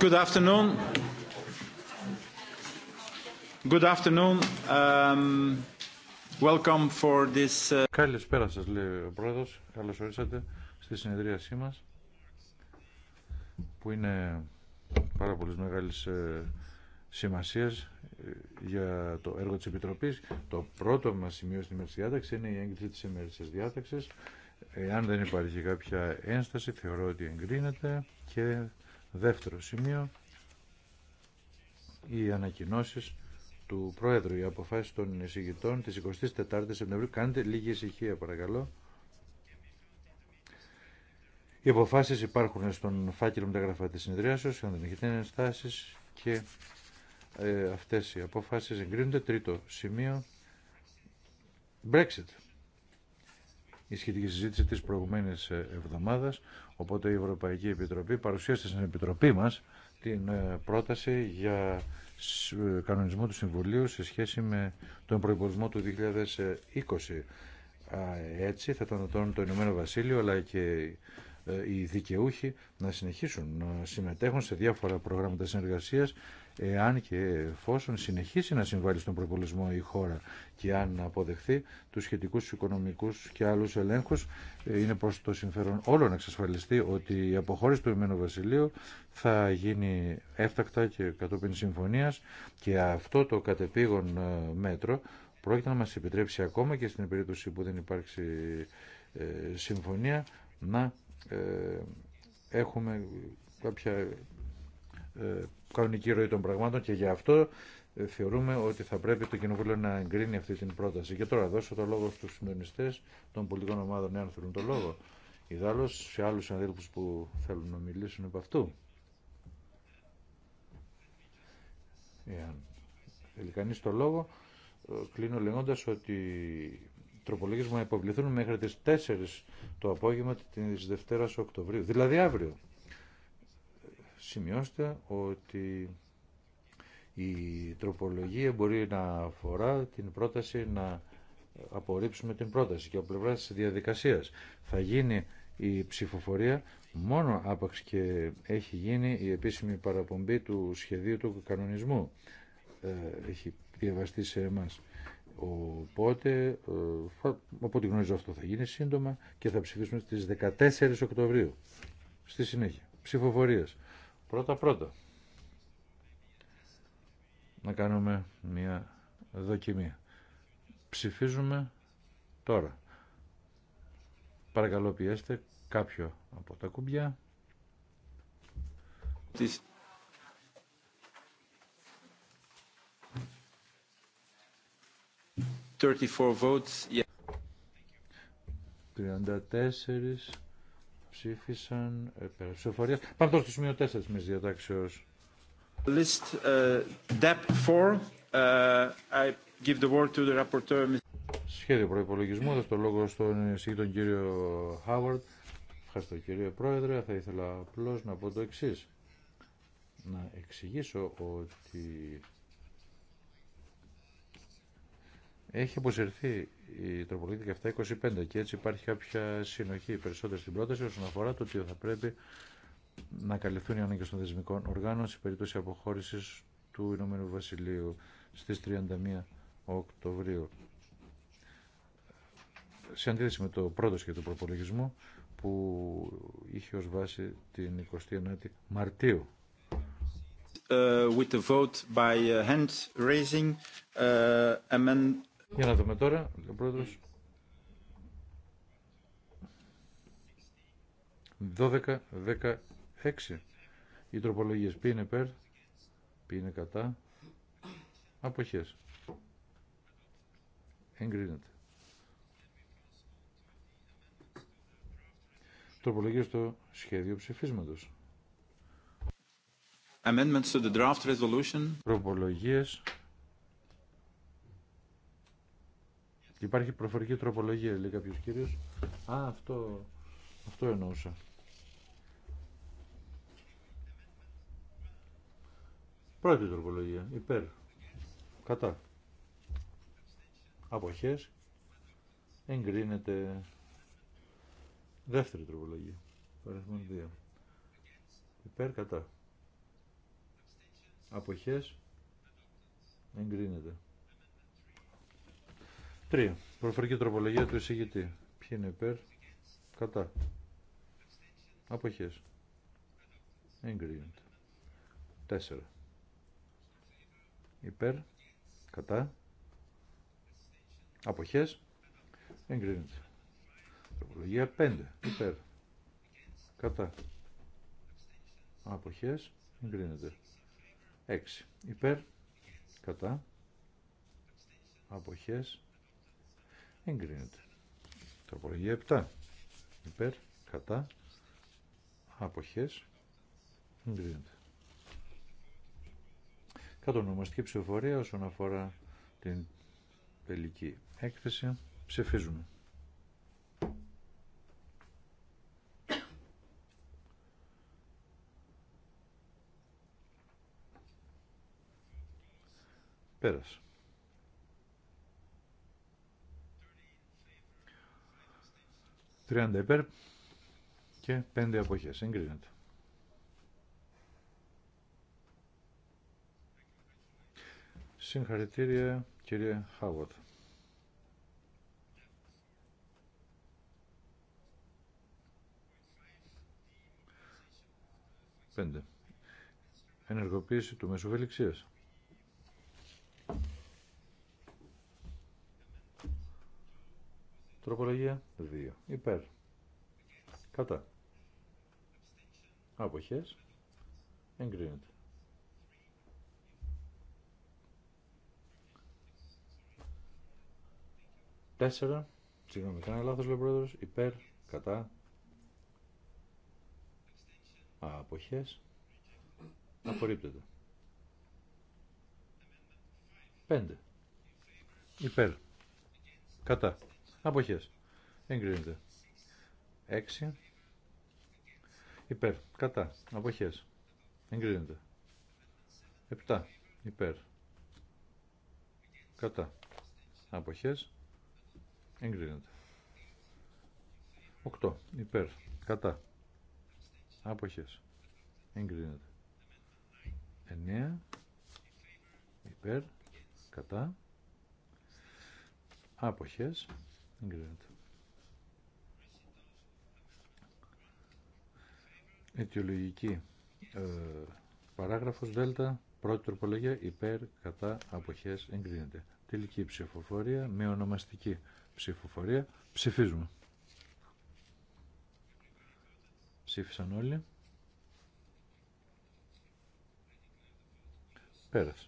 Um, uh, Καλησπέρα σας, λέει ο Πρόεδρος. Καλώς ορίσατε στη συνεδρίασή μας, που είναι πάρα πολύ μεγάλης ε, σημασίας ε, για το έργο της Επιτροπής. Το πρώτο μας σημείο στην ημέρηση διάταξη είναι η έγκριση της τη διάταξης. Εάν δεν υπάρχει κάποια ένσταση, θεωρώ ότι εγκρίνεται και Δεύτερο σημείο, οι ανακοινώσει του Πρόεδρου, οι αποφάσει των εισηγητών τη 24η Σεπτεμβρίου. Κάντε λίγη ησυχία, παρακαλώ. Οι αποφάσεις υπάρχουν στον φάκελο μεταγραφά της συνεδριάσεως, αν δεν έχετε ενστάσεις και ε, αυτές οι αποφάσεις εγκρίνονται. Τρίτο σημείο, Brexit η σχετική συζήτηση της προηγουμένης ε, εβδομάδας, οπότε η Ευρωπαϊκή Επιτροπή παρουσίασε στην Επιτροπή μας την ε, πρόταση για ε, κανονισμό του Συμβουλίου σε σχέση με τον προϋπολογισμό του 2020. Έτσι θα τον το Ηνωμένο Βασίλειο αλλά και οι δικαιούχοι να συνεχίσουν να συμμετέχουν σε διάφορα προγράμματα συνεργασίας εάν και εφόσον συνεχίσει να συμβάλλει στον προπολισμό η χώρα και αν αποδεχθεί τους σχετικούς οικονομικούς και άλλους ελέγχους ε, είναι προς το συμφέρον όλων να εξασφαλιστεί ότι η αποχώρηση του Ηνωμένου Βασιλείου θα γίνει έφτακτα και κατόπιν συμφωνίας και αυτό το κατεπήγον ε, μέτρο πρόκειται να μας επιτρέψει ακόμα και στην περίπτωση που δεν υπάρξει ε, συμφωνία να έχουμε κάποια ε, κανονική ροή των πραγμάτων και γι' αυτό ε, θεωρούμε ότι θα πρέπει το Κοινοβούλιο να εγκρίνει αυτή την πρόταση. Και τώρα δώσω το λόγο στους συντονιστές των πολιτικών ομάδων, εάν θέλουν το λόγο. Ιδάλλως σε άλλους συναδέλφους που θέλουν να μιλήσουν από αυτού. Εάν θέλει κανείς το λόγο, ε, κλείνω λέγοντα ότι τροπολογίε μου υποβληθούν μέχρι τις 4 το απόγευμα της Δευτέρας Οκτωβρίου, δηλαδή αύριο σημειώστε ότι η τροπολογία μπορεί να αφορά την πρόταση να απορρίψουμε την πρόταση και από πλευρά τη διαδικασία. Θα γίνει η ψηφοφορία μόνο άπαξ και έχει γίνει η επίσημη παραπομπή του σχεδίου του κανονισμού. Ε, έχει διαβαστεί σε εμάς. Οπότε, ε, από ό,τι γνωρίζω αυτό θα γίνει σύντομα και θα ψηφίσουμε στις 14 Οκτωβρίου. Στη συνέχεια, ψηφοφορίε. Πρώτα-πρώτα. Να κάνουμε μια δοκιμή. Ψηφίζουμε τώρα. Παρακαλώ πιέστε κάποιο από τα κουμπιά. Της... votes. 34 ψήφισαν ε, πέρα Πάμε τώρα στο σημείο 4 της διατάξεως. List uh, DEP 4. Uh, ε, I give the word to the rapporteur. Σχέδιο προϋπολογισμού. Δώσω το λόγο στον τον κύριο Χάουαρντ. Ευχαριστώ κύριε Πρόεδρε. Θα ήθελα απλώς να πω το εξής. Να εξηγήσω ότι Έχει αποσυρθεί η τροπολογία 1725 και έτσι υπάρχει κάποια συνοχή περισσότερη στην πρόταση όσον αφορά το ότι θα πρέπει να καλυφθούν οι ανάγκε των δεσμικών οργάνων σε περίπτωση αποχώρηση του Ηνωμένου Βασιλείου στις 31 Οκτωβρίου. Σε αντίθεση με το πρώτο σχέδιο του προπολογισμού που είχε ως βάση την 29η Μαρτίου. Uh, with the vote by uh, hand raising uh, για να δούμε τώρα, ο πρόεδρος. 12, 16. Οι τροπολογίες ποιοι είναι περ, ποιοι είναι κατά, αποχές. Εγκρίνεται. Τροπολογίες στο σχέδιο ψηφίσματος. Amendments Τροπολογίες Υπάρχει προφορική τροπολογία, λέει κάποιος κύριος. Α, αυτό, αυτό εννοούσα. Πρώτη τροπολογία, υπέρ, κατά. Αποχές, εγκρίνεται δεύτερη τροπολογία, παραθμόν 2. Υπέρ, κατά. Αποχές, εγκρίνεται. 3. Προφορική τροπολογία του εισηγητή. Ποιοι είναι υπέρ. Κατά. Αποχές. Εγκρίνεται. τέσσερα Υπέρ. Κατά. Αποχές. Εγκρίνεται. Τροπολογία πέντε Υπέρ. Κατά. Αποχές. Εγκρίνεται. έξι Υπέρ. Κατά. Αποχές εγκρίνεται. Τροπολογία 7 υπέρ, κατά, αποχές, εγκρίνεται. Κατονομαστική ψηφοφορία όσον αφορά την τελική έκθεση. Ψηφίζουμε. Πέρασε. 30 υπέρ και 5 αποχές. Εγκρίνεται. Συγχαρητήρια κύριε Χάουαρτ. Πέντε. Ενεργοποίηση του μέσου Τροπολογία 2. Υπέρ. Κατά. Αποχές. Εγκρίνεται. Τέσσερα. Συγγνώμη, κάνα λάθος λέει ο πρόεδρος. Υπέρ. Κατά. Αποχές. Απορρίπτεται. Πέντε. Υπέρ. Κατά. Αποχέ. Εγκρίνεται. 6. Υπέρ. Κατά. απόχέ, Εγκρίνεται. 7. Υπέρ. Κατά. άποχέ, Εγκρίνεται. 8. Υπέρ. Κατά. άποχέ. Εγκρίνεται. 9. Υπέρ. Κατά. Αποχές. Εγκρίνεται. Αιτιολογική ε, παράγραφος Δέλτα, πρώτη τροπολογία υπέρ κατά αποχές εγκρίνεται. Τελική ψηφοφορία με ονομαστική ψηφοφορία. Ψηφίζουμε. Ψήφισαν όλοι. Πέρασε.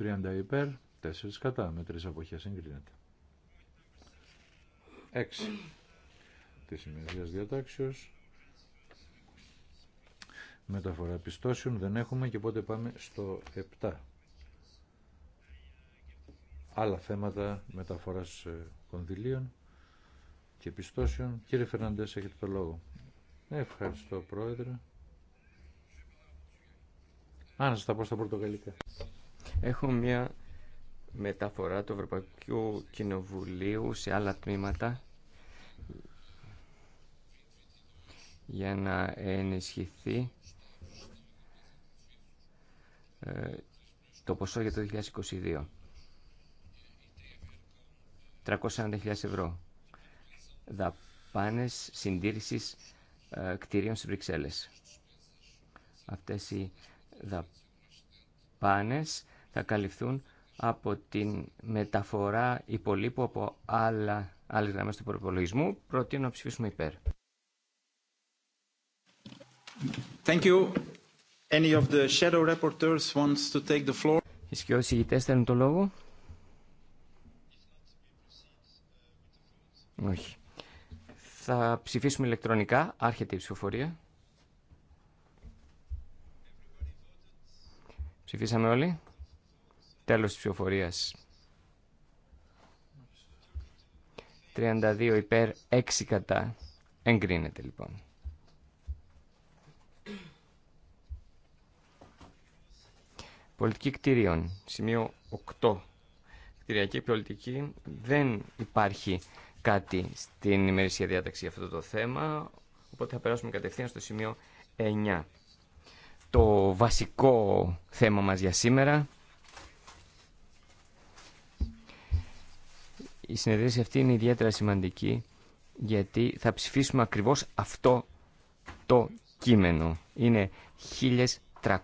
30 υπέρ, 4 κατά, με 3 αποχέ εγκρίνεται. 6. Τη ημερία διατάξεω. Μεταφορά πιστώσεων δεν έχουμε και πότε πάμε στο 7. Άλλα θέματα μεταφοράς ε, κονδυλίων και πιστώσεων. Κύριε Φερναντές, έχετε το λόγο. Ευχαριστώ, Πρόεδρε. Α, να σας τα πω στα πορτογαλικά. Έχω μια μεταφορά του Ευρωπαϊκού Κοινοβουλίου σε άλλα τμήματα για να ενισχυθεί ε, το ποσό για το 2022. 340.000 ευρώ. Δαπάνες συντήρησης ε, κτιρίων στις Βρυξέλλες. Αυτές οι δαπάνες θα καλυφθούν από την μεταφορά υπολείπου από άλλα, άλλες γραμμές του προπολογισμού. Προτείνω να ψηφίσουμε υπέρ. Thank you. Any of the shadow reporters wants to take the floor. ηγητές θέλουν το λόγο. Όχι. Θα ψηφίσουμε ηλεκτρονικά. Άρχεται η ψηφοφορία. Ψηφίσαμε όλοι. Τέλος της ψηφοφορίας. 32 υπέρ, 6 κατά. Εγκρίνεται λοιπόν. Πολιτική κτηρίων, σημείο 8. Κτηριακή πολιτική, δεν υπάρχει κάτι στην ημερήσια διάταξη για αυτό το θέμα, οπότε θα περάσουμε κατευθείαν στο σημείο 9. Το βασικό θέμα μας για σήμερα Η συνεδρίαση αυτή είναι ιδιαίτερα σημαντική γιατί θα ψηφίσουμε ακριβώς αυτό το κείμενο. Είναι 1.365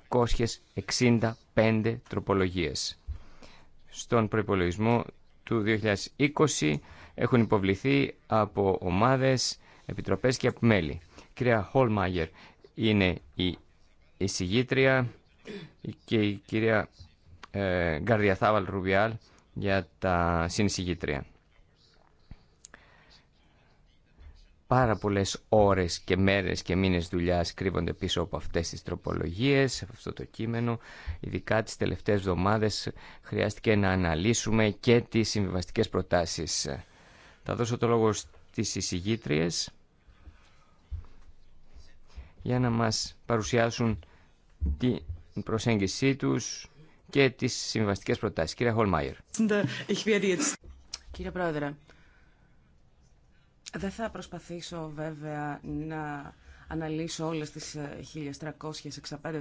τροπολογίες. Στον προϋπολογισμό του 2020 έχουν υποβληθεί από ομάδες, επιτροπές και από μέλη. Κυρία Χολμάγερ είναι η εισηγήτρια και η κυρία ε, Γκαρδιαθάβαλ Ρουβιάλ για τα συνεισηγήτρια. Πάρα πολλέ ώρες και μέρες και μήνε δουλειά κρύβονται πίσω από αυτές τις τροπολογίες, από αυτό το κείμενο. Ειδικά τι τελευταίες εβδομάδε χρειάστηκε να αναλύσουμε και τις συμβιβαστικέ προτάσεις. Θα δώσω το λόγο στι εισηγήτριε για να μας παρουσιάσουν την προσέγγιση τους και τις συμβαστικές προτάσεις. Κύριε Χολμάιερ. Κύριε Πρόεδρε, δεν θα προσπαθήσω βέβαια να αναλύσω όλες τις 1365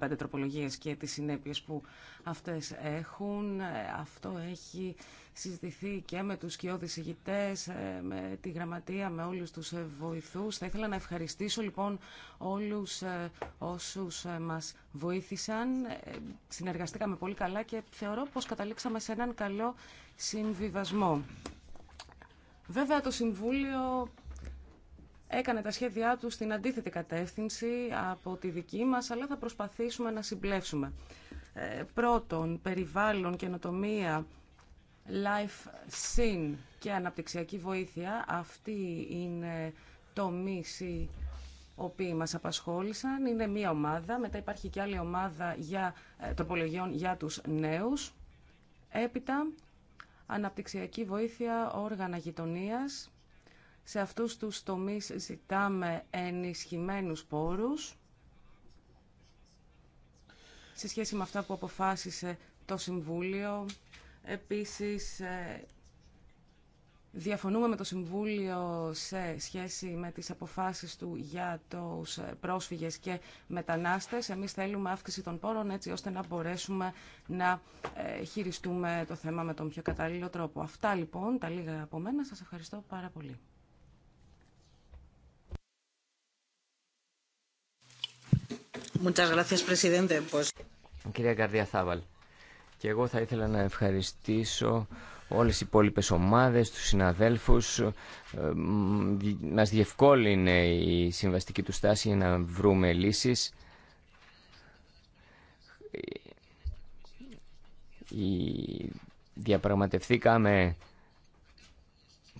ε, τροπολογίες και τις συνέπειες που αυτές έχουν. Ε, αυτό έχει συζητηθεί και με τους κοιόδης ηγητές, ε, με τη γραμματεία, με όλους τους βοηθούς. Θα ήθελα να ευχαριστήσω λοιπόν όλους όσους μας βοήθησαν. Συνεργαστήκαμε πολύ καλά και θεωρώ πως καταλήξαμε σε έναν καλό συμβιβασμό. Βέβαια το Συμβούλιο έκανε τα σχέδιά του στην αντίθετη κατεύθυνση από τη δική μας, αλλά θα προσπαθήσουμε να συμπλέξουμε Ε, πρώτον, περιβάλλον, καινοτομία, life scene και αναπτυξιακή βοήθεια. Αυτή είναι το οι οποίοι μας απασχόλησαν. Είναι μία ομάδα, μετά υπάρχει και άλλη ομάδα για, ε, τροπολογιών για τους νέους. Έπειτα, αναπτυξιακή βοήθεια, όργανα γειτονίας. Σε αυτούς τους τομείς ζητάμε ενισχυμένους πόρους σε σχέση με αυτά που αποφάσισε το Συμβούλιο. Επίσης, ε, Διαφωνούμε με το Συμβούλιο σε σχέση με τις αποφάσεις του για τους ε, πρόσφυγες και μετανάστες. Εμείς θέλουμε αύξηση των πόρων έτσι ώστε να μπορέσουμε να ε, χειριστούμε το θέμα με τον πιο κατάλληλο τρόπο. Αυτά λοιπόν, τα λίγα από μένα. Σας ευχαριστώ πάρα πολύ. Κυρία Καρδία και εγώ θα ήθελα να ευχαριστήσω όλες οι υπόλοιπες ομάδες, τους συναδέλφους. Ε, μας διευκόλυνε η συμβαστική του στάση για να βρούμε λύσεις. Διαπραγματευθήκαμε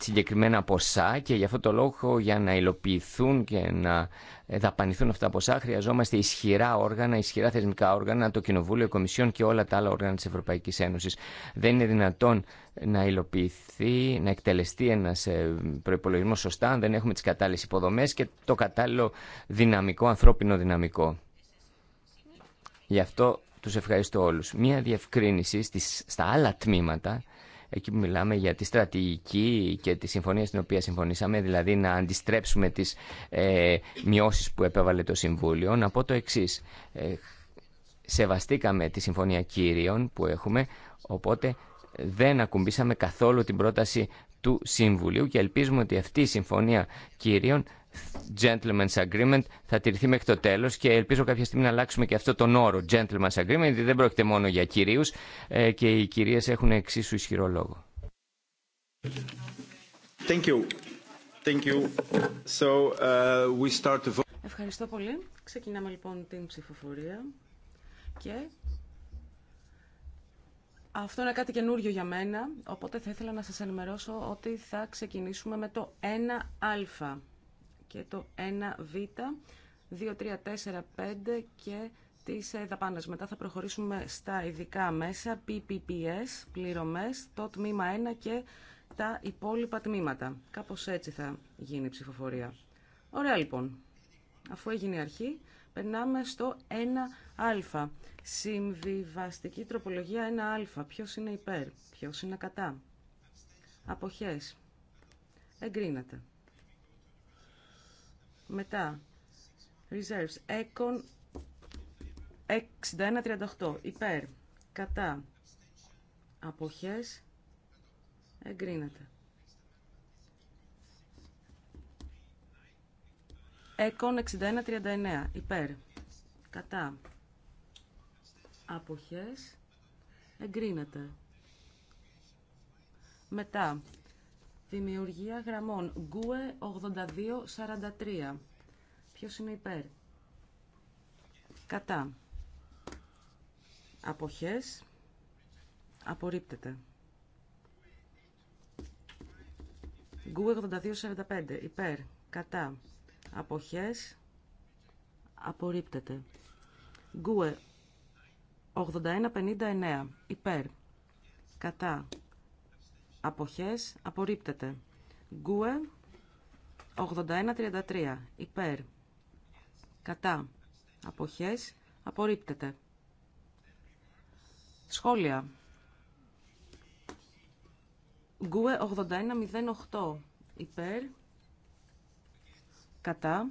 συγκεκριμένα ποσά και γι' αυτό το λόγο για να υλοποιηθούν και να δαπανηθούν αυτά τα ποσά χρειαζόμαστε ισχυρά όργανα, ισχυρά θεσμικά όργανα, το Κοινοβούλιο, η Κομισιόν και όλα τα άλλα όργανα της Ευρωπαϊκής Ένωσης. Δεν είναι δυνατόν να υλοποιηθεί, να εκτελεστεί ένας ε, προπολογισμό σωστά αν δεν έχουμε τις κατάλληλες υποδομές και το κατάλληλο δυναμικό, ανθρώπινο δυναμικό. Γι' αυτό τους ευχαριστώ όλους. Μία διευκρίνηση στις, στα άλλα τμήματα εκεί που μιλάμε για τη στρατηγική και τη συμφωνία στην οποία συμφωνήσαμε, δηλαδή να αντιστρέψουμε τις ε, μειώσεις που επέβαλε το Συμβούλιο, να πω το εξή. Ε, σεβαστήκαμε τη συμφωνία κύριων που έχουμε, οπότε δεν ακουμπήσαμε καθόλου την πρόταση του Συμβουλίου και ελπίζουμε ότι αυτή η συμφωνία κυρίων gentlemen's Agreement θα τηρηθεί μέχρι το τέλο και ελπίζω κάποια στιγμή να αλλάξουμε και αυτό τον όρο Gentleman's Agreement, γιατί δεν πρόκειται μόνο για κυρίου ε, και οι κυρίε έχουν εξίσου ισχυρό λόγο. Thank you. Thank you. So, uh, we start to... Ευχαριστώ πολύ. Ξεκινάμε λοιπόν την ψηφοφορία και αυτό είναι κάτι καινούριο για μένα, οπότε θα ήθελα να σας ενημερώσω ότι θα ξεκινήσουμε με το 1α και το 1β, 2, 3, 4, 5 και τις ε, δαπάνες. Μετά θα προχωρήσουμε στα ειδικά μέσα, PPPS, πληρωμές, το τμήμα 1 και τα υπόλοιπα τμήματα. Κάπως έτσι θα γίνει η ψηφοφορία. Ωραία λοιπόν. Αφού έγινε η αρχή, Περνάμε στο 1α. Συμβιβαστική τροπολογία 1α. Ποιος είναι υπέρ, ποιος είναι κατά. Αποχές. Εγκρίνεται. Μετά. Reserves. Έκον 61-38, Υπέρ. Κατά. Αποχές. Εγκρίνεται. Εκόν 6139. Υπέρ. Κατά. Αποχές. Εγκρίνεται. Μετά. Δημιουργία γραμμών. Γκουε 8243. Ποιος είναι υπέρ. Κατά. Αποχές. Απορρίπτεται. Γκουε 8245. Υπέρ. Κατά αποχές απορρίπτεται. Γκουε 8159 υπέρ κατά αποχές απορρίπτεται. Γκουε 8133 υπέρ κατά αποχές απορρίπτεται. Σχόλια. Γκουε 8108 υπέρ κατά,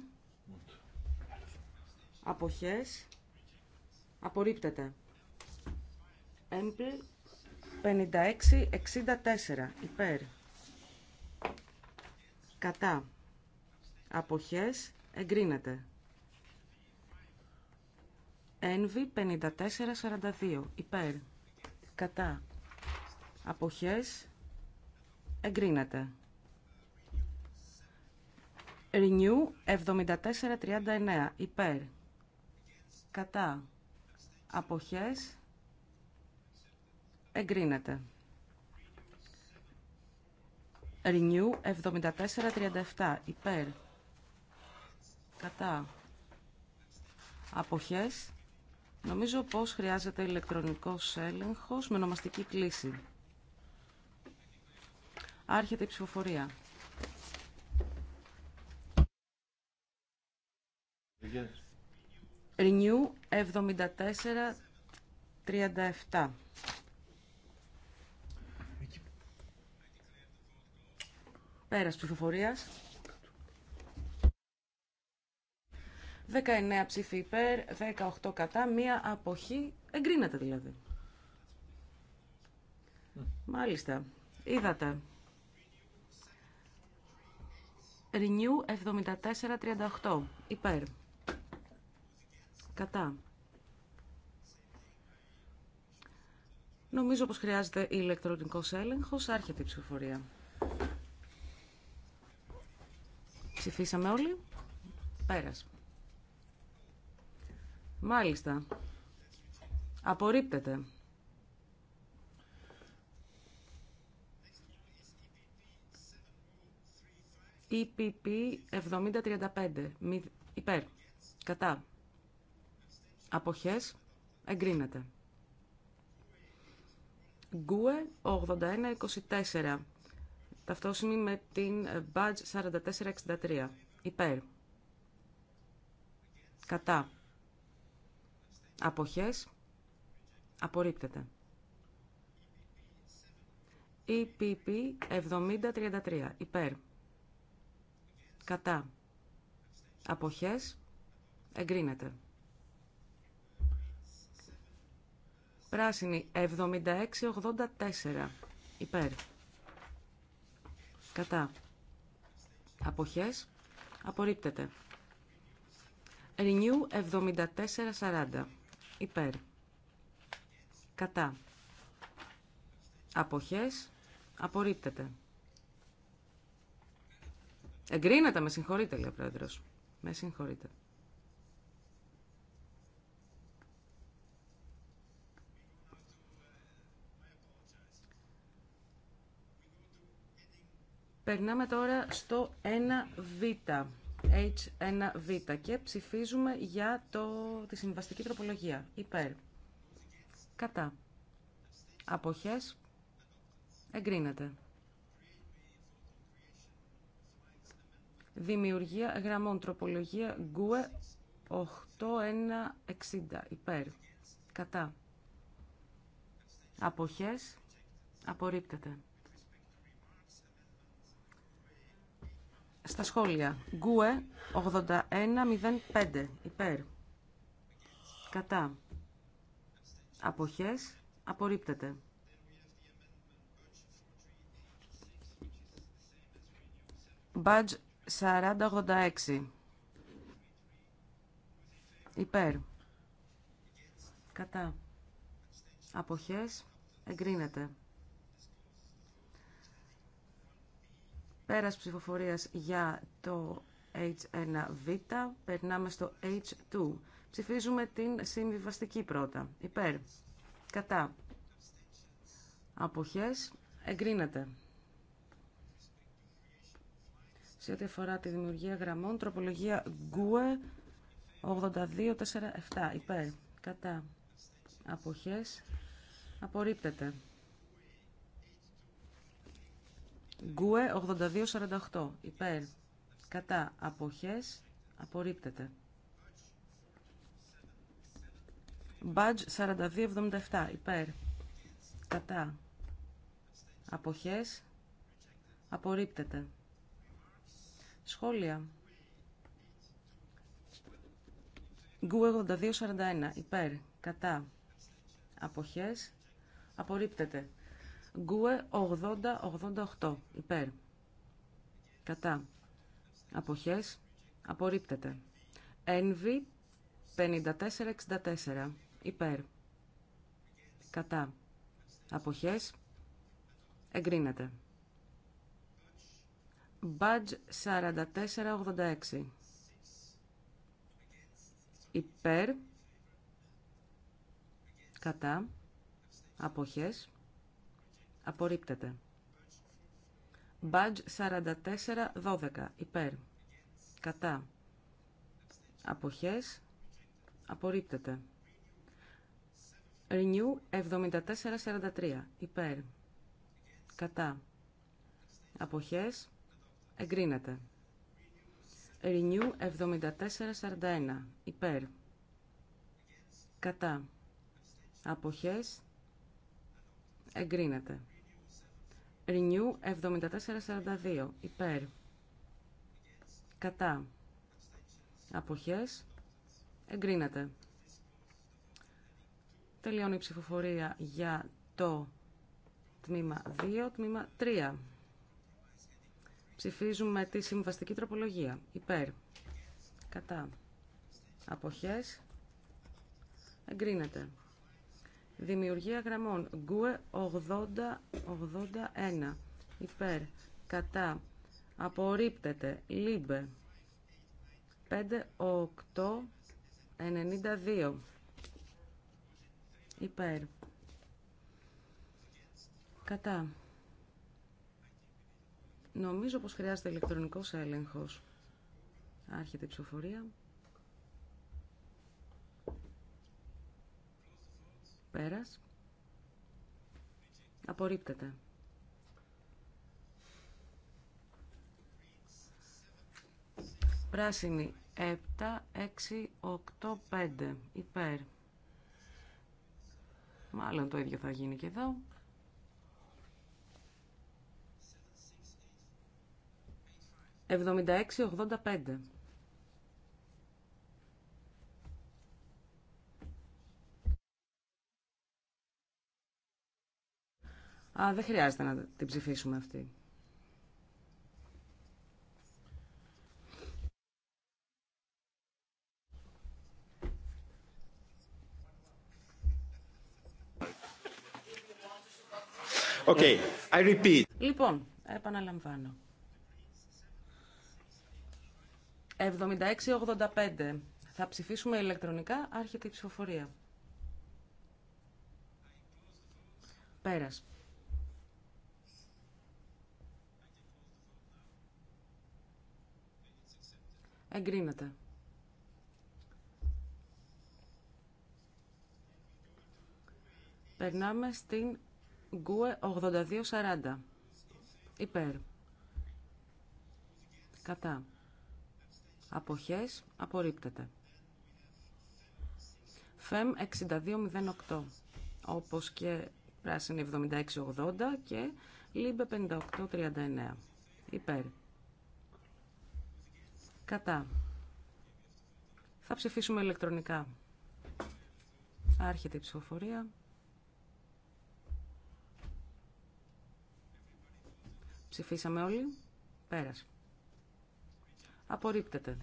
αποχές, απορρίπτεται. Έμπλ 56-64, υπέρ, κατά, αποχές, ΕΝΒΙ Ένβη 54-42, υπέρ, κατά, αποχές, εγκρίνεται. Renew 7439 υπέρ κατά αποχές εγκρίνεται. Renew 7437 υπέρ κατά αποχές νομίζω πως χρειάζεται ηλεκτρονικός έλεγχος με νομαστική κλίση. Άρχεται η ψηφοφορία. Renew 7437. 37 Πέρας ψηφοφορίας. 19 ψήφοι υπέρ, 18 κατά, μία αποχή. Εγκρίνεται δηλαδή. Μάλιστα. Είδατε. Renew 7438, 38 Υπέρ. Κατά. Νομίζω πως χρειάζεται ηλεκτρονικό έλεγχος. Άρχεται η ψηφοφορία. Ψηφίσαμε όλοι. Πέρας. Μάλιστα. Απορρίπτεται. EPP 7035. Υπέρ. Κατά. Αποχές. Εγκρίνεται. Γκουε 8124. Ταυτόσημη με την Badge ε, 4463. Υπέρ. Κατά. Αποχές. Απορρίπτεται. EPP 7033. Υπέρ. Κατά. Αποχές. Εγκρίνεται. Πράσινη 7684 υπέρ. Κατά. Αποχές απορρίπτεται. Renew 7440 υπέρ. Κατά. Αποχές απορρίπτεται. Εγκρίνεται, με συγχωρείτε, λέει ο Πρόεδρος. Με συγχωρείτε. Περνάμε τώρα στο 1β. H1β και ψηφίζουμε για το, τη συμβαστική τροπολογία. Υπέρ. Κατά. Αποχές. Εγκρίνεται. Δημιουργία γραμμών τροπολογία GUE 8160. Υπέρ. Κατά. Αποχές. Απορρίπτεται. Στα σχόλια. Γκουε 8105. Υπέρ. Κατά. Αποχές. Απορρίπτεται. Μπάτζ 4086. Υπέρ. Κατά. Αποχές. Εγκρίνεται. Πέρας ψηφοφορίας για το H1β, περνάμε στο H2. Ψηφίζουμε την συμβιβαστική πρώτα. Υπέρ. Κατά. Αποχές. Εγκρίνεται. Σε ό,τι αφορά τη δημιουργία γραμμών, τροπολογία GUE 8247. Υπέρ. Κατά. Αποχές. Απορρίπτεται. Γκουε 8248 υπέρ κατά αποχές απορρίπτεται. Μπάτζ 4277 υπέρ κατά αποχές απορρίπτεται. Σχόλια. 82 8241 υπέρ κατά αποχές απορρίπτεται. Γκουε 80-88 υπέρ. Κατά. Αποχές. Απορρίπτεται. Ενβι 54 54-64 υπέρ. Κατά. Αποχές. Εγκρίνεται. Μπατζ 4486. Υπέρ. Κατά. Αποχές. Απορρίπτεται. Badge 4412. 12 Υπέρ. Κατά. Αποχές. Απορρίπτεται. Renew 7443. Υπέρ. Κατά. Αποχές. Εγκρίνεται. Renew 7441. Υπέρ. Κατά. Αποχές. Εγκρίνεται. Renew 7442. Υπέρ. Κατά. Αποχές. Εγκρίνεται. Τελειώνει η ψηφοφορία για το τμήμα 2, τμήμα 3. Ψηφίζουμε τη συμβαστική τροπολογία. Υπέρ. Κατά. Αποχές. Εγκρίνεται. Δημιουργία γραμμών. Γκουε 80-81. Υπέρ. Κατά. Απορρίπτεται. 5892, Υπέρ. Κατά. Νομίζω πως χρειάζεται ηλεκτρονικός έλεγχος. Άρχεται η ψηφοφορία. Πέρας. Απορρίπτεται. Πράσινη 7, 6, 8, 5. Υπέρ. Μάλλον το ίδιο θα γίνει και εδώ. Εβδομήντα Α, δεν χρειάζεται να την ψηφίσουμε αυτή. Okay, I repeat. Λοιπόν, επαναλαμβάνω. 76-85. Θα ψηφίσουμε ηλεκτρονικά, άρχεται η ψηφοφορία. Πέρας. Εγκρίνεται. Περνάμε στην Γκουε 8240. Υπέρ. Κατά. Αποχές. Απορρίπτεται. ΦΕΜ 6208. Όπως και πράσινη 7680 και ΛΥΜΠΕ 5839. Υπέρ. Κατά. Θα ψηφίσουμε ηλεκτρονικά. Άρχεται η ψηφοφορία. Ψηφίσαμε όλοι. Πέρασε. Απορρίπτεται.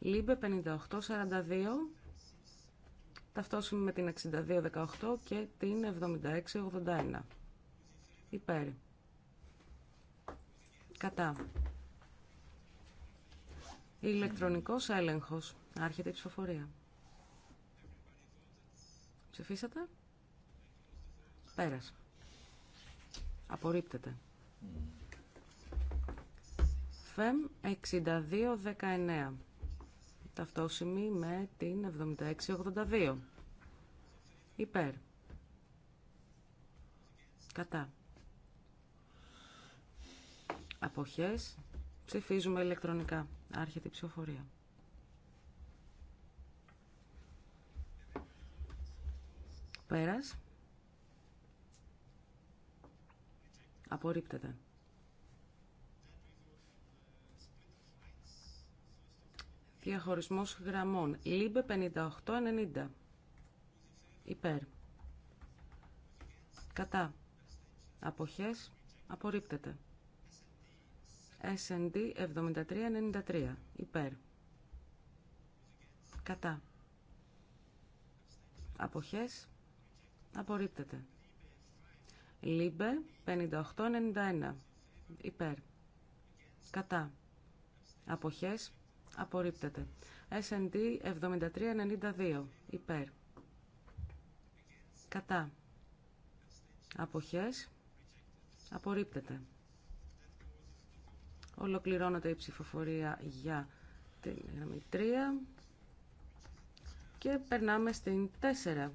Λίμπε 5842, ταυτόσιμη με την 6218 και την 7681. Υπέρ. Κατά. Ηλεκτρονικός έλεγχος. Άρχεται η ψηφοφορία. Ψηφίσατε. Πέρασε. Απορρίπτεται. ΦΕΜ 6219. Ταυτόσημη με την 7682. Υπέρ. Κατά αποχές ψηφίζουμε ηλεκτρονικά. Άρχεται η ψηφοφορία. Πέρας. Απορρίπτεται. Διαχωρισμός γραμμών. Λίμπε 58-90. Υπέρ. Κατά. Αποχές. Απορρίπτεται. S&D 7393 υπέρ κατά αποχές απορρίπτεται Λίμπε 5891 υπέρ κατά αποχές απορρίπτεται S&D 7392 υπέρ κατά αποχές απορρίπτεται Ολοκληρώνεται η ψηφοφορία για την γραμμή 3 και περνάμε στην 4.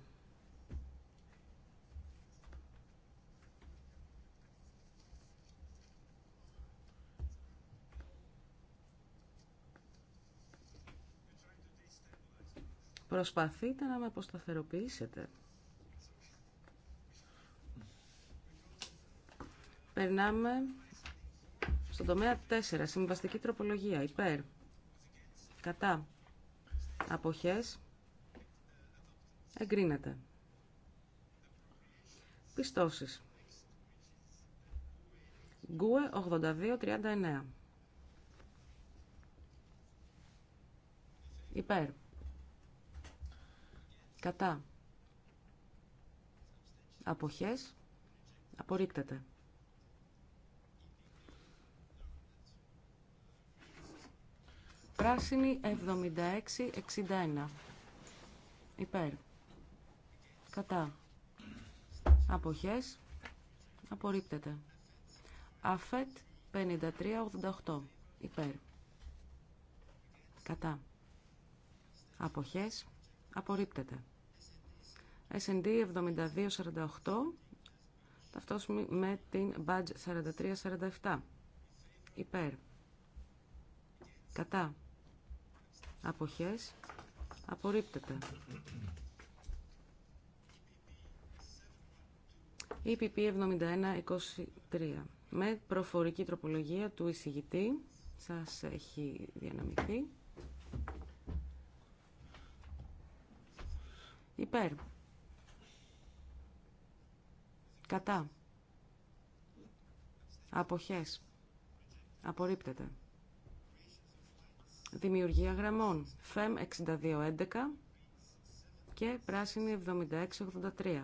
Προσπαθείτε να με αποσταθεροποιήσετε. Περνάμε στον τομέα 4, συμβαστική τροπολογία, υπέρ, κατά, αποχές, εγκρίνεται. Πιστώσεις. Γκουε 82-39. Υπέρ. Κατά. Αποχές. Απορρίπτεται. Πράσινη 76-61. Υπέρ. Κατά. Αποχές. Απορρίπτεται. Αφετ 53-88. Υπέρ. Κατά. Αποχές. Απορρίπτεται. S&D 72-48. με την badge 43-47. Υπέρ. Κατά αποχές απορρίπτεται. EPP 7123 με προφορική τροπολογία του εισηγητή σας έχει διανομηθεί. Υπέρ. Κατά. Αποχές. Απορρίπτεται δημιουργία γραμμών ΦΕΜ 6211 και πράσινη 7683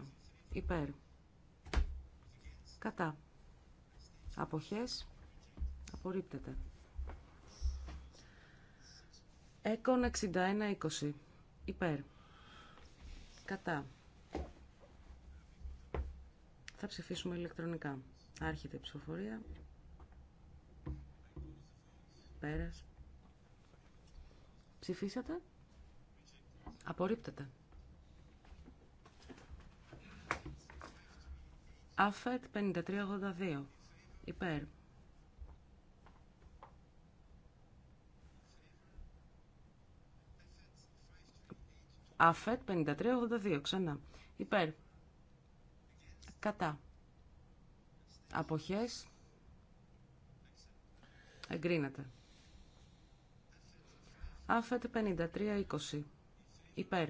υπέρ κατά αποχές απορρίπτεται ΕΚΟΝ 6120 υπέρ κατά θα ψηφίσουμε ηλεκτρονικά άρχεται η ψηφοφορία πέρας Ψηφίσατε. Απορρίπτεται. Αφετ 5382. Υπέρ. Αφετ 5382. Ξανά. Υπέρ. Κατά. Αποχές. Εγκρίνεται αφετ 5320 Υπέρ.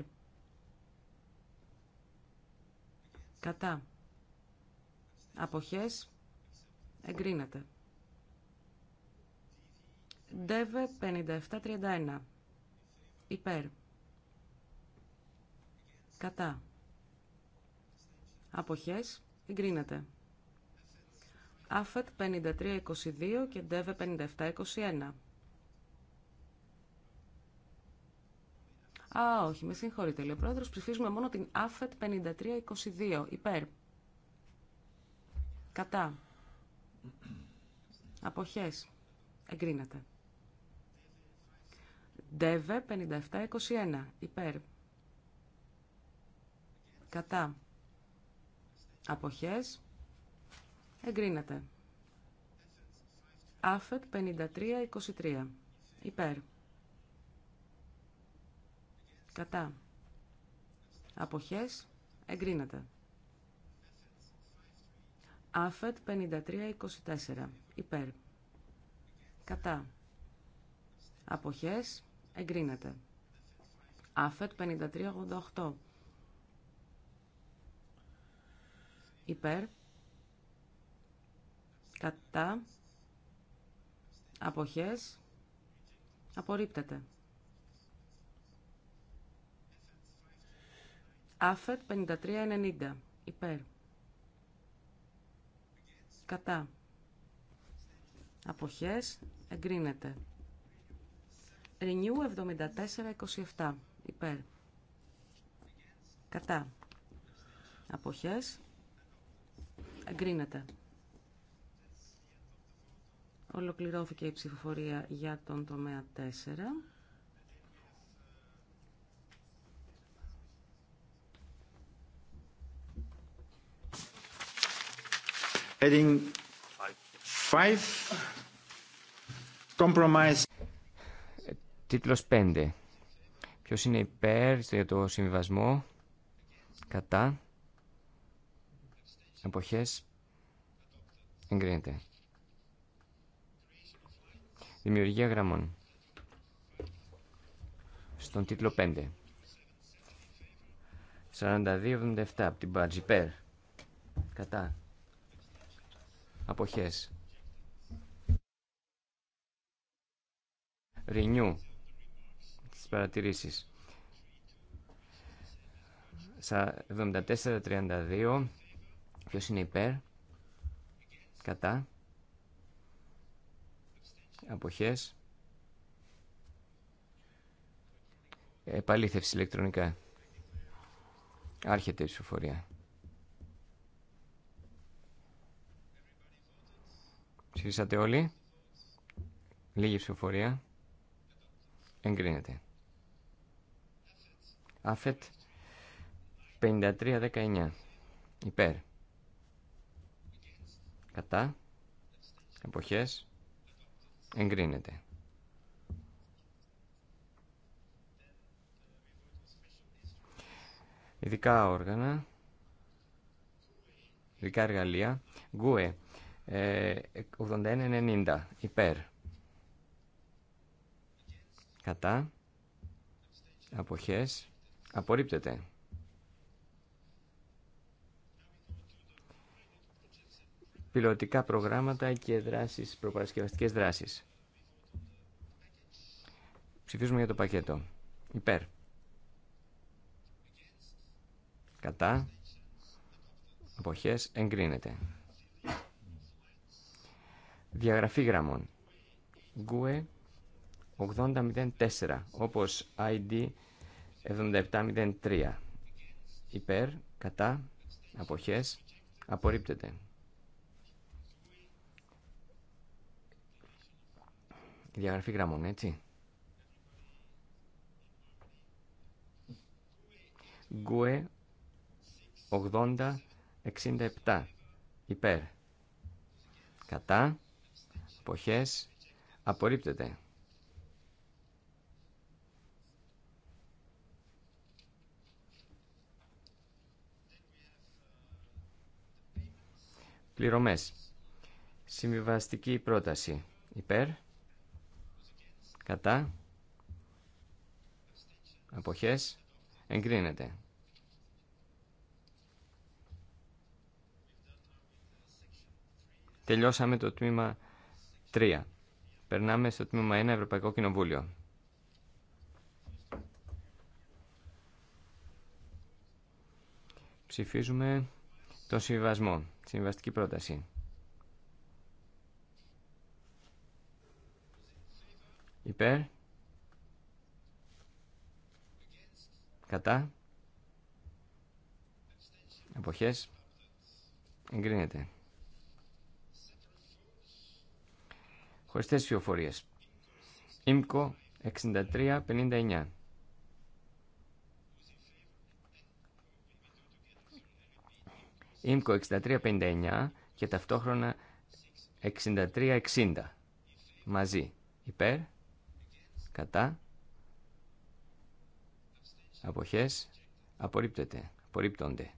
Κατά. Αποχές. Εγκρίνεται. Ντεβε «ΝΤΕΒΕ Υπέρ. Κατά. Αποχές. Εγκρίνεται. «ΑΦΕΤ5322» και Ντεβε 5721 Α, όχι, με συγχωρείτε, λέει πρόεδρος. Ψηφίζουμε μόνο την ΑΦΕΤ 5322. Υπέρ. Κατά. Αποχές. Εγκρίνεται. ΔΕΒΕ 5721. Υπέρ. Κατά. Αποχές. Εγκρίνεται. ΑΦΕΤ 5323. Υπέρ. Κατά. Αποχές. Εγκρίνεται. Άφετ 5324. Υπέρ. Κατά. Αποχές. Εγκρίνεται. Άφετ 5388. Υπέρ. Κατά. Αποχές. Απορρίπτεται. Άφετ 5390. Υπέρ. Κατά. Αποχές. Εγκρίνεται. Ρινιού 7427. Υπέρ. Κατά. Αποχές. Εγκρίνεται. Ολοκληρώθηκε η ψηφοφορία για τον τομέα 4. Heading 5. Compromise. Τίτλος 5. Ποιος είναι υπέρ για το συμβιβασμό. Κατά. Εποχές. Εγκρίνεται. Δημιουργία γραμμών. Στον τίτλο 5. 42-77 από την Μπάτζη. Κατά. Αποχές. Renew. Τις παρατηρήσεις. 74-32. Ποιος είναι υπέρ. Κατά. Αποχές. Επαλήθευση ηλεκτρονικά. Άρχεται η ψηφοφορία. Ψηφίσατε όλοι. Λίγη ψηφοφορία. Εγκρίνεται. Αφετ 53-19. Υπέρ. Κατά. Εποχές. Εγκρίνεται. Ειδικά όργανα. Ειδικά εργαλεία. Γκουε. 81-90 ε, υπέρ κατά αποχές απορρίπτεται πιλωτικά προγράμματα και δράσεις, προπαρασκευαστικές δράσεις ψηφίζουμε για το πακέτο υπέρ κατά αποχές εγκρίνεται Διαγραφή γραμμών. Γκουε 8004, όπως ID 7703. Υπέρ, κατά, αποχές, απορρίπτεται. Διαγραφή γραμμών, έτσι. Γκουε 8067. Υπέρ. Κατά αποχές απορρίπτεται. Πληρωμές. Συμβιβαστική πρόταση. Υπέρ. Κατά. Αποχές. Εγκρίνεται. Τελειώσαμε το τμήμα 3. Περνάμε στο τμήμα 1 Ευρωπαϊκό Κοινοβούλιο. Ψηφίζουμε το συμβασμό, συμβαστική πρόταση. Υπέρ. Κατά. Εποχές. Εγκρίνεται. χωριστες φιοφορίες. Ίμκο 6359. Ίμκο 6359 και ταυτοχρονα 6360. Μαζί. Υπέρ. Κατά. Αποχές. Απορρίπτεται. Απορρίπτονται.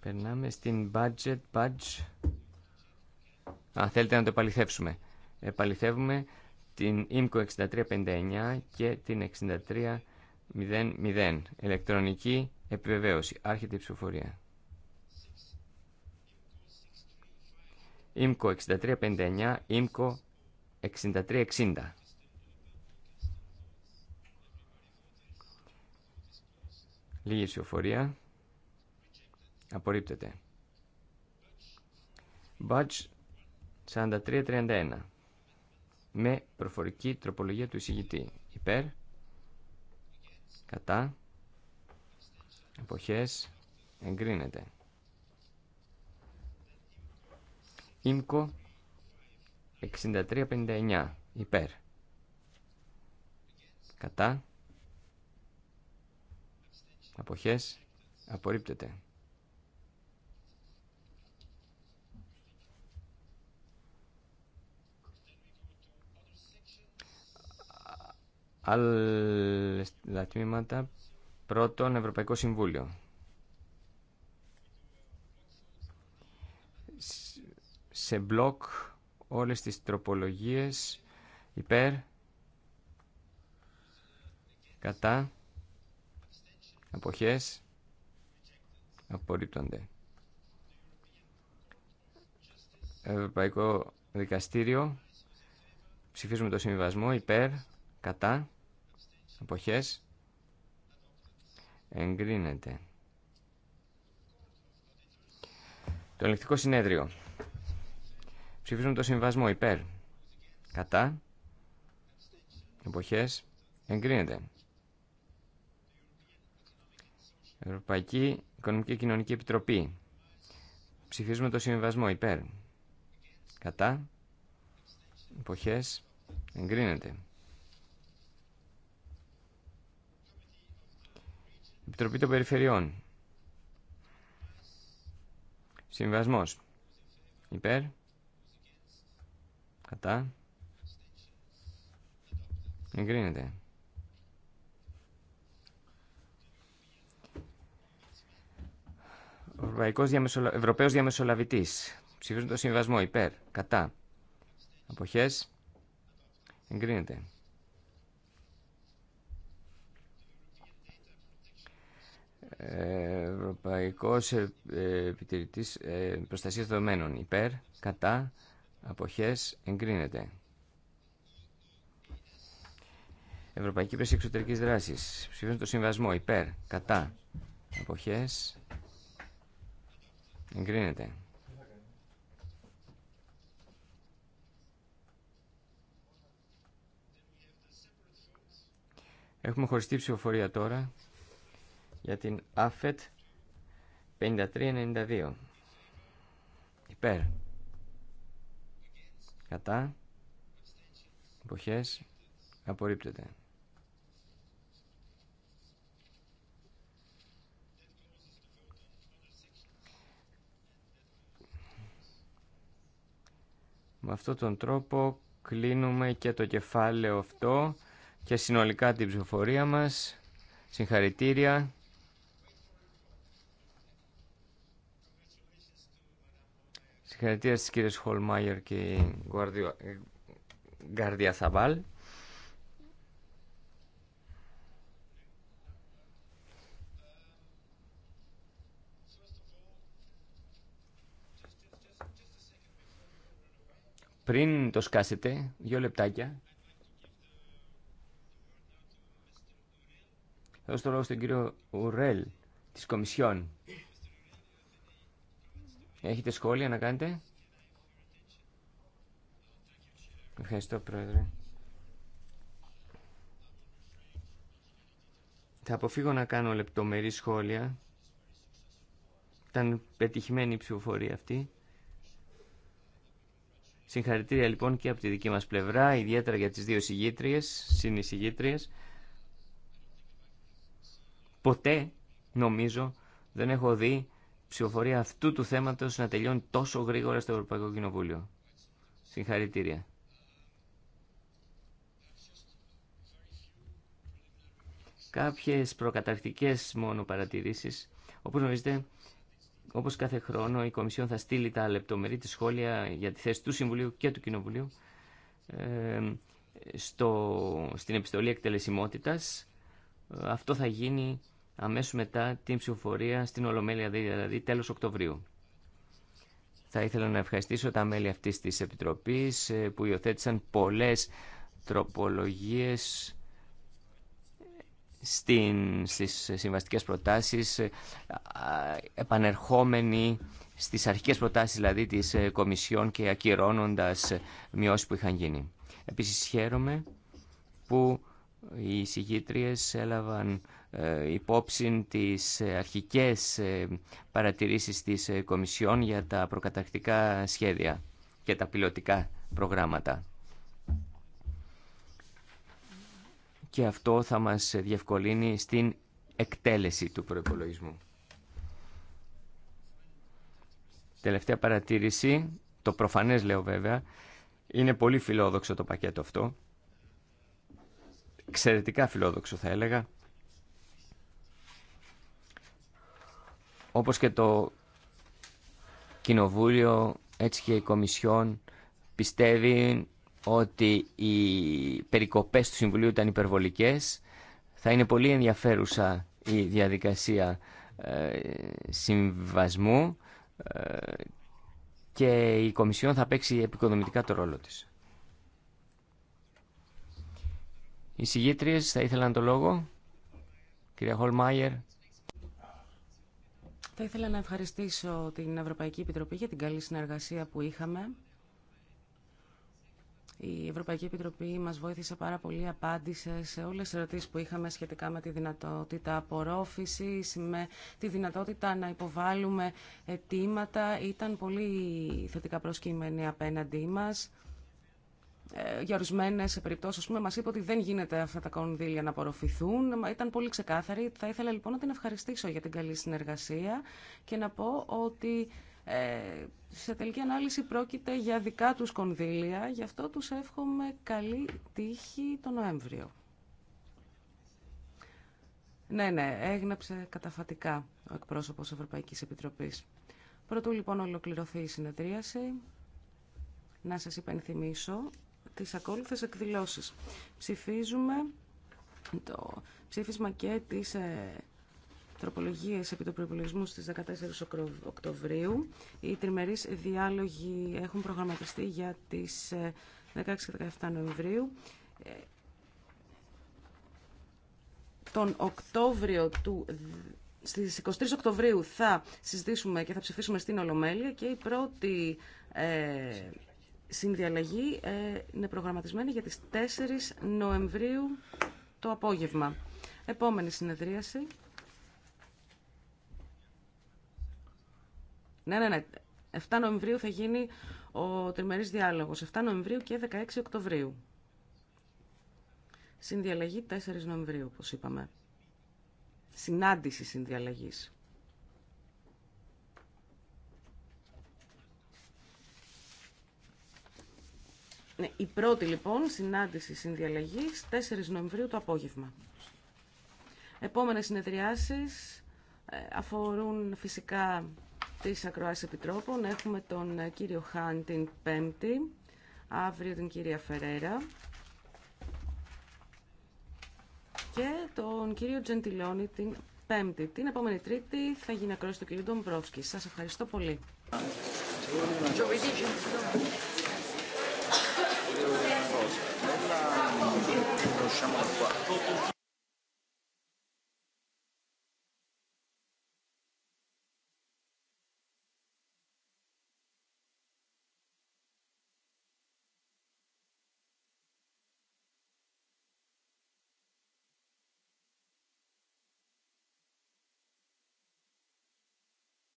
Περνάμε στην budget, budget. Αν θέλετε να το επαληθεύσουμε. Επαληθεύουμε την IMCO 6359 και την 6300. Ηλεκτρονική επιβεβαίωση. Άρχεται η ψηφοφορία. IMCO 6359, IMCO 6360. Λίγη ψηφοφορία. Απορρίπτεται. 43-31 με προφορική τροπολογία του εισηγητή. Υπέρ, κατά, εποχές, εγκρίνεται. Ήμκο 63-59 υπέρ, κατά, εποχές, απορρίπτεται. Άλλα τμήματα. Πρώτον, Ευρωπαϊκό Συμβούλιο. Σε μπλοκ όλες τις τροπολογίες υπέρ, κατά, αποχές, απορρίπτονται. Ευρωπαϊκό Δικαστήριο. Ψηφίζουμε το συμβιβασμό υπέρ, κατά, Εποχές, Εγκρίνεται. Το ελεκτικό συνέδριο. Ψηφίζουμε το συμβασμό υπέρ. Κατά. Εποχές. Εγκρίνεται. Ευρωπαϊκή Οικονομική Κοινωνική Επιτροπή. Ψηφίζουμε το συμβασμό υπέρ. Κατά. Εποχές. Εγκρίνεται. Επιτροπή των Περιφερειών. Συμβασμό. Υπέρ. Κατά. Εγκρίνεται. Ευρωπαϊκός Ευρωπαίος Διαμεσολαβητής. Ψηφίζουν το συμβασμό. Υπέρ. Κατά. Αποχές. Εγκρίνεται. Ευρωπαϊκός ε, Επιτηρητής ε, Προστασίας Δεδομένων υπέρ, κατά, αποχές, εγκρίνεται. Ευρωπαϊκή Υπηρεσία Εξωτερική Δράση. Ψηφίζουν το συμβασμό υπέρ, κατά, αποχέ. Εγκρίνεται. Έχουμε χωριστή ψηφοφορία τώρα για την ΑΦΕΤ 5392. Υπέρ. Κατά. Εποχές. Απορρίπτεται. Με αυτόν τον τρόπο κλείνουμε και το κεφάλαιο αυτό και συνολικά την ψηφοφορία μας. Συγχαρητήρια. Συγχαρητήρια στις κύριες Χολμάγερ και Γκάρδια Θαβάλ. Πριν το σκάσετε, δύο λεπτάκια. Θα δώσω το λόγο στον κύριο Ουρέλ της Κομισιόν. Έχετε σχόλια να κάνετε. Ευχαριστώ, Πρόεδρε. Θα αποφύγω να κάνω λεπτομερή σχόλια. Ήταν πετυχημένη η ψηφοφορία αυτή. Συγχαρητήρια λοιπόν και από τη δική μας πλευρά, ιδιαίτερα για τις δύο συγγήτριες, συνεισυγήτριες. Ποτέ, νομίζω, δεν έχω δει ψηφοφορία αυτού του θέματος να τελειώνει τόσο γρήγορα στο Ευρωπαϊκό Κοινοβούλιο. Συγχαρητήρια. Κάποιες προκαταρκτικές μόνο παρατηρήσεις. Όπως γνωρίζετε, όπως κάθε χρόνο, η Κομισιόν θα στείλει τα λεπτομερή της σχόλια για τη θέση του Συμβουλίου και του Κοινοβουλίου στο, στην επιστολή εκτελεσιμότητας. Αυτό θα γίνει αμέσως μετά την ψηφοφορία στην Ολομέλεια, δηλαδή τέλος Οκτωβρίου. Θα ήθελα να ευχαριστήσω τα μέλη αυτή της Επιτροπής ε, που υιοθέτησαν πολλές τροπολογίες ε, στην, στις συμβαστικές προτάσεις ε, επανερχόμενοι στις αρχικές προτάσεις δηλαδή της Κομισιόν και ακυρώνοντας μειώσεις που είχαν γίνει. Επίσης χαίρομαι που οι συγκήτριες έλαβαν ε, υπόψη τις ε, αρχικές ε, παρατηρήσεις της Κομισιόν για τα προκαταρκτικά σχέδια και τα πιλωτικά προγράμματα. Και αυτό θα μας διευκολύνει στην εκτέλεση του προϋπολογισμού. Τελευταία παρατήρηση, το προφανές λέω βέβαια, είναι πολύ φιλόδοξο το πακέτο αυτό. Εξαιρετικά φιλόδοξο θα έλεγα. Όπως και το Κοινοβούλιο, έτσι και η Κομισιόν πιστεύει ότι οι περικοπές του Συμβουλίου ήταν υπερβολικές. Θα είναι πολύ ενδιαφέρουσα η διαδικασία ε, συμβασμού ε, και η Κομισιόν θα παίξει επικοδομητικά το ρόλο της. Οι συγγήτριες θα ήθελαν το λόγο. Κυρία Χολμάιερ, θα ήθελα να ευχαριστήσω την Ευρωπαϊκή Επιτροπή για την καλή συνεργασία που είχαμε. Η Ευρωπαϊκή Επιτροπή μας βοήθησε πάρα πολύ, απάντησε σε όλες τις ερωτήσεις που είχαμε σχετικά με τη δυνατότητα απορρόφησης, με τη δυνατότητα να υποβάλουμε αιτήματα. Ήταν πολύ θετικά προσκύμενοι απέναντί μας. Ε, για ορισμένε περιπτώσει, πούμε, μα είπε ότι δεν γίνεται αυτά τα κονδύλια να απορροφηθούν. Ήταν πολύ ξεκάθαρη. Θα ήθελα λοιπόν να την ευχαριστήσω για την καλή συνεργασία και να πω ότι ε, σε τελική ανάλυση πρόκειται για δικά τους κονδύλια, γι' αυτό τους εύχομαι καλή τύχη το Νοέμβριο. Ναι, ναι, έγνεψε καταφατικά ο εκπρόσωπος Ευρωπαϊκής Επιτροπής. Πρωτού λοιπόν ολοκληρωθεί η συνεδρίαση, να σας υπενθυμίσω τις ακόλουθες εκδηλώσεις. Ψηφίζουμε το ψήφισμα και τις ε, τροπολογίες επί του προϋπολογισμού στις 14 Οκτωβρίου. Οι τριμερείς διάλογοι έχουν προγραμματιστεί για τις 16 ε, και 17 Νοεμβρίου. Ε, τον Οκτώβριο του στις 23 Οκτωβρίου θα συζητήσουμε και θα ψηφίσουμε στην Ολομέλεια και η πρώτη ε, συνδιαλλαγή ε, είναι προγραμματισμένη για τις 4 Νοεμβρίου το απόγευμα. Επόμενη συνεδρίαση. Ναι, ναι, ναι. 7 Νοεμβρίου θα γίνει ο τριμερής διάλογος. 7 Νοεμβρίου και 16 Οκτωβρίου. Συνδιαλλαγή 4 Νοεμβρίου, όπως είπαμε. Συνάντηση συνδιαλλαγής. Ναι, η πρώτη λοιπόν συνάντηση συνδιαλλαγή 4 Νοεμβρίου το απόγευμα. Επόμενες συνεδριάσεις ε, αφορούν φυσικά τι ακροάσεις επιτρόπων. Έχουμε τον ε, κύριο Χάν την Πέμπτη, αύριο την κυρία Φερέρα και τον κύριο Τζεντιλόνι την Πέμπτη. Την επόμενη Τρίτη θα γίνει ακρόαση του κυρίου Ντομπρόφσκη. Σας ευχαριστώ πολύ. Nella... non lo conosciamo da qua.